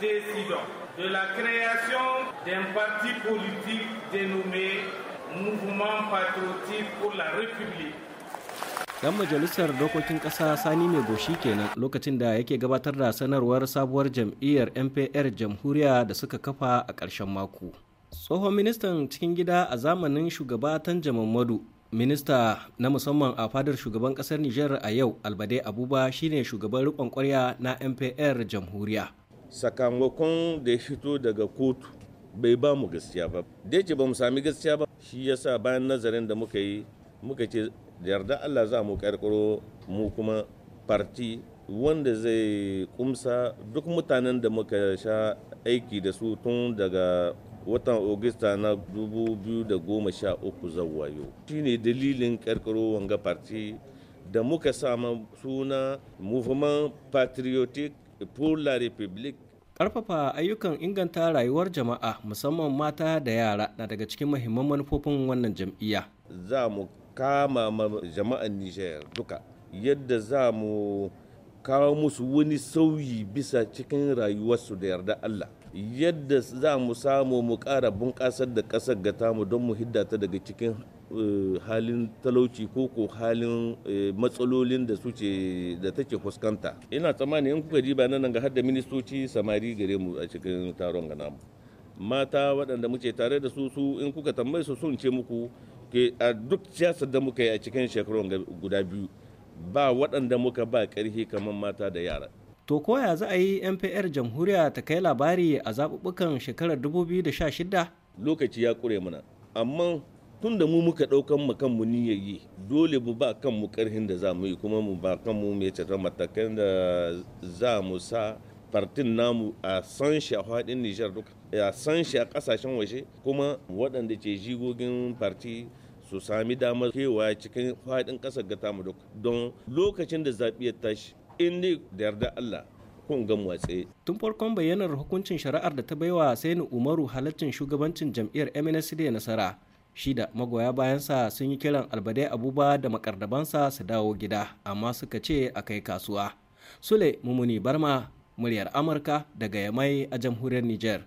décidant de la création d'un parti politique dénommé Mouvement Patriotique pour la République. Dan majalisar dokokin ƙasa Sani Mai Goshi kenan lokacin da yake gabatar da sanarwar sabuwar jam'iyyar MPR jamhuriya da suka kafa a ƙarshen mako. Tsohon ministan cikin gida a zamanin shugaba Tanja Mamadu minista na musamman a fadar shugaban ƙasar Nijar a yau albade abuba shine shugaban rikon kwarya na mpr jamhuriya sakamakon da ya fito daga kotu bai ba mu gaskiya ba da ce ba mu sami gaskiya ba shi yasa bayan nazarin da muka yi muka ce da yarda Allah za mu karkaro mu kuma parti wanda zai kumsa duk mutanen da muka sha aiki da su tun daga watan Augusta na 2013 Shi shine dalilin karkaro wanga parti da muka sama suna movement patriotic pour la République. Ƙarfafa ayyukan inganta rayuwar jama'a musamman mata da yara na daga cikin mahimman manufofin wannan jam'iyya. Za mu kama jama'an Nijar duka yadda za mu kawo musu wani sauyi bisa cikin rayuwarsu da yarda Allah yadda za mu samu mu ƙara bunƙasar da ƙasar ga tamu don mu hiddata daga cikin eh, halin talauci ko ko halin eh, matsalolin da su ce da take fuskanta ina tsammani in kuka diba nan ga hadda ministoci samari gare mu a cikin taron ga namu mata waɗanda muke tare da su su in kuka tambaye su sun ce muku ke a duk siyasar da muka yi a cikin shekarun guda biyu ba waɗanda muka ba ƙarfi kamar mata da yara to koya za a yi npr jamhuriya ta kai labari a zaɓuɓɓukan shekarar 2016 lokaci ya ƙure mana amma tun da mu muka ɗaukan mu kanmu niyyar yi dole mu ba kanmu ƙarhin da za mu yi kuma mu ba kanmu mai cata matakan da za mu sa fartin namu a san shi a faɗin nijar duka a san shi a ƙasashen waje kuma waɗanda ke jigogin farti su sami damar kewa cikin faɗin ƙasar ga tamu don lokacin da zaɓi ya tashi in ne da yarda Allah kun ga watse. Tun farkon bayyanar hukuncin shari'ar da ta baiwa sai Saini Umaru halaccin shugabancin jam'iyyar MNSD nasara shi da magoya bayansa sun yi kiran albadai abuba da makardabansa su dawo gida amma suka ce a kai kasuwa. Sule Mumuni Barma muryar Amurka daga Yamai a jamhuriyar Nijar.